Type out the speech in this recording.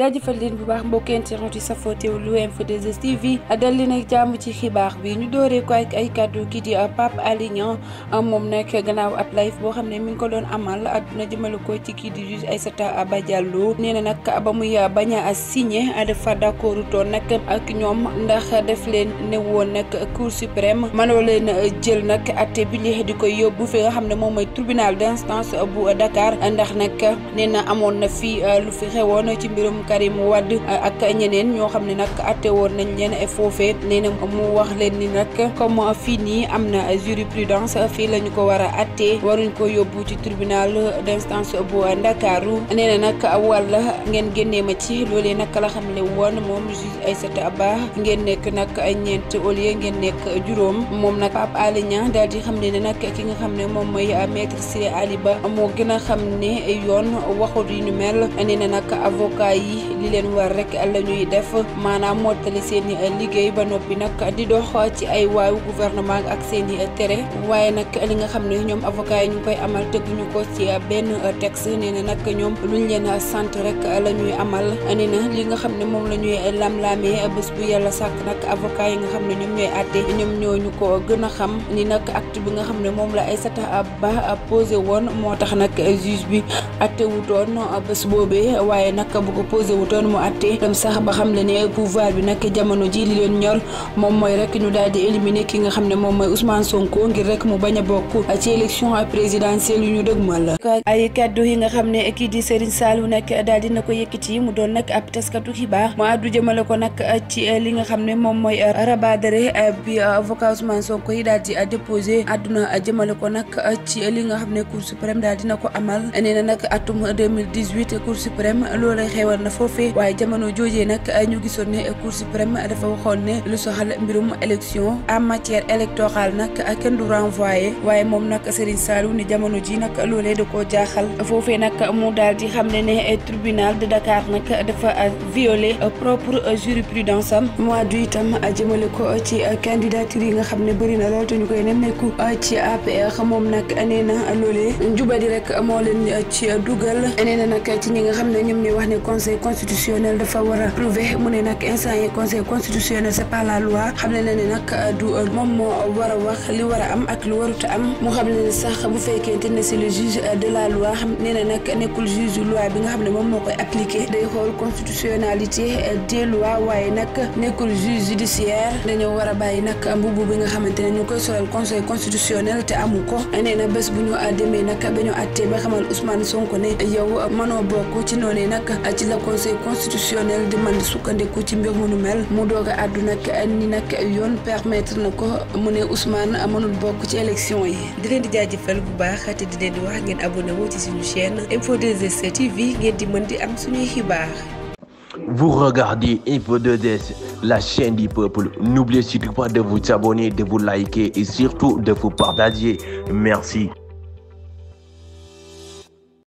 jaajëfal leen bu baax mbokk internet yi sa teewlu lu 2S TV dal leen ak jàmm ci xibaax bi ñu dooree ko ak ay kàddu kii di uh, Pape Alé Niang uh, moom nag gannaaw ab live boo xam ne mi ngi ko doon amal àdduna jëmale ko ci kii di juge Aïssata Ba Diallo nee na nag ba muy uh, bañ a signé dafa d'accordu toon nag ak ñoom ndax def leen ne woon nag cour suprême mënoo leen jël nag atte bi lee di koy yóbbu fi nga xam ne moom mooy tribunal d'instance bu Dakar ndax nag nee na amoon na fi xewoon ci mbirum karim wad eh, ak ñeneen ñoo xam ne nag atte woon nañ leen foofee nee na mu wax leen ni nag comme fii nii am na jurisprudence fii la ñu ko war a atte waruñ ko yóbbu ci tribunal d' instance bu ndakaaru nee na nag wala ngeen génnee ma ci loolee nag la xamle woon moom juge aysata ba ngeen nekk nag ñeent au lieu ngeen nekk juróom moom nag pape alignan daal di xam ne ne nag ki nga xam ne moom mooy maître siré aliba ba moo gën a xam ne yoon waxut yu ñu mel nee na nag avocat yi yi li leen war rek la ñuy def maanaam mottali seen i liggéey ba noppi nag di dox ci ay waayu gouvernement ak seen tere waaye nag li nga xam ne ñoom avocat yi ñu koy amal tëgguñu ko ci benn texte nee na nag ñoom luñ leen sant rek la ñuy amal li nga xam ne moom la ñuy lamlaamee bés bu yàlla sàkk nag avocat yi nga xam ne ñoom ñooy àtte ñoom ñoo ñu ko gën a xam ni nag act bi nga xam ne moom la ay Aïssata Ba posé woon moo tax nag juge bi atte wutoon uh, bés boobee waaye nag bu ko posé wutoon mu atte dem sax ba xam le ne pouvoir bi nag jamono jii li leen ñor moom mooy rek ñu daal di éliminer ki nga xam ne moom mooy Ousmane Sonko ngir rek mu bañ a bokk ci élection présidentielle yu ñu dëgmal. ay kaddu yi xam ne kii di Serigne Saliou nag daal dina ko yëkkati mu doon nag ab taskatu xibaar mu àddu jëmale ko nag ci li nga xam ne moom mooy rabadare bi avocat Ousmane Sonko yi daal di déposé àdduna jëmale ko nag ci li nga xam ne Cour suprême daal dina ko amal nee na nag atum 2018 cour suprême loolee xewal na fofé waye jamono jojé nak ñu gisoon cour suprême dafa waxoon né lu soxal mbirum élection en matière électorale nak kenn du renvoyé waye mom nak Serigne salou ni jamono ji nak loolee da ko jaaxal fofé nak mu daal di xam tribunal de Dakar nak dafa violer propre jurisprudence am mois du itam jëmale ko ci candidature yi nga xamné bari na lool te ñu koy nemmeeku ci APR mom nak nee lolé njubadi rek mo leen ci dugal enen nak ci ñi nga xam ne wax ne conseil constitutionnel dafa wara prouver mu ne nak instant conseil constitutionnel c'est pas la loi xam ne nak du mom moo war wax li wara am ak li warut am mu xam sax bu fekkente ne c'est le juge de la loi nee na nak nekkul juge loi bi nga xam mom moko appliquer appliqué day xool constitutionnalité des lois waaye nak nekkul juge judiciaire dañu wara bayyi nak nag mbubu bi nga xamante ñu koy conseil constitutionnel te amuko ko nee na bu ñu demee nak bañu atté ba xamal Ousmane Sonko ne yow mënoo bokk ci noonu nak ci la conseil constitutionnel di mën sukkandiku ci mbir mu mel mu doga a àddu nag nak yone permettre na mune Ousmane amonul bokk ci élection yi. di leen di jaajëfal bu baax te di leen di wax ngeen abonné wu ci suñu chaîne Info 2 TV ngeen di mën di am suñu xibaar. Vous regardez Info 2 la chaîne du peuple. N'oubliez surtout pas de vous abonner, de vous liker et surtout de vous partager. Merci.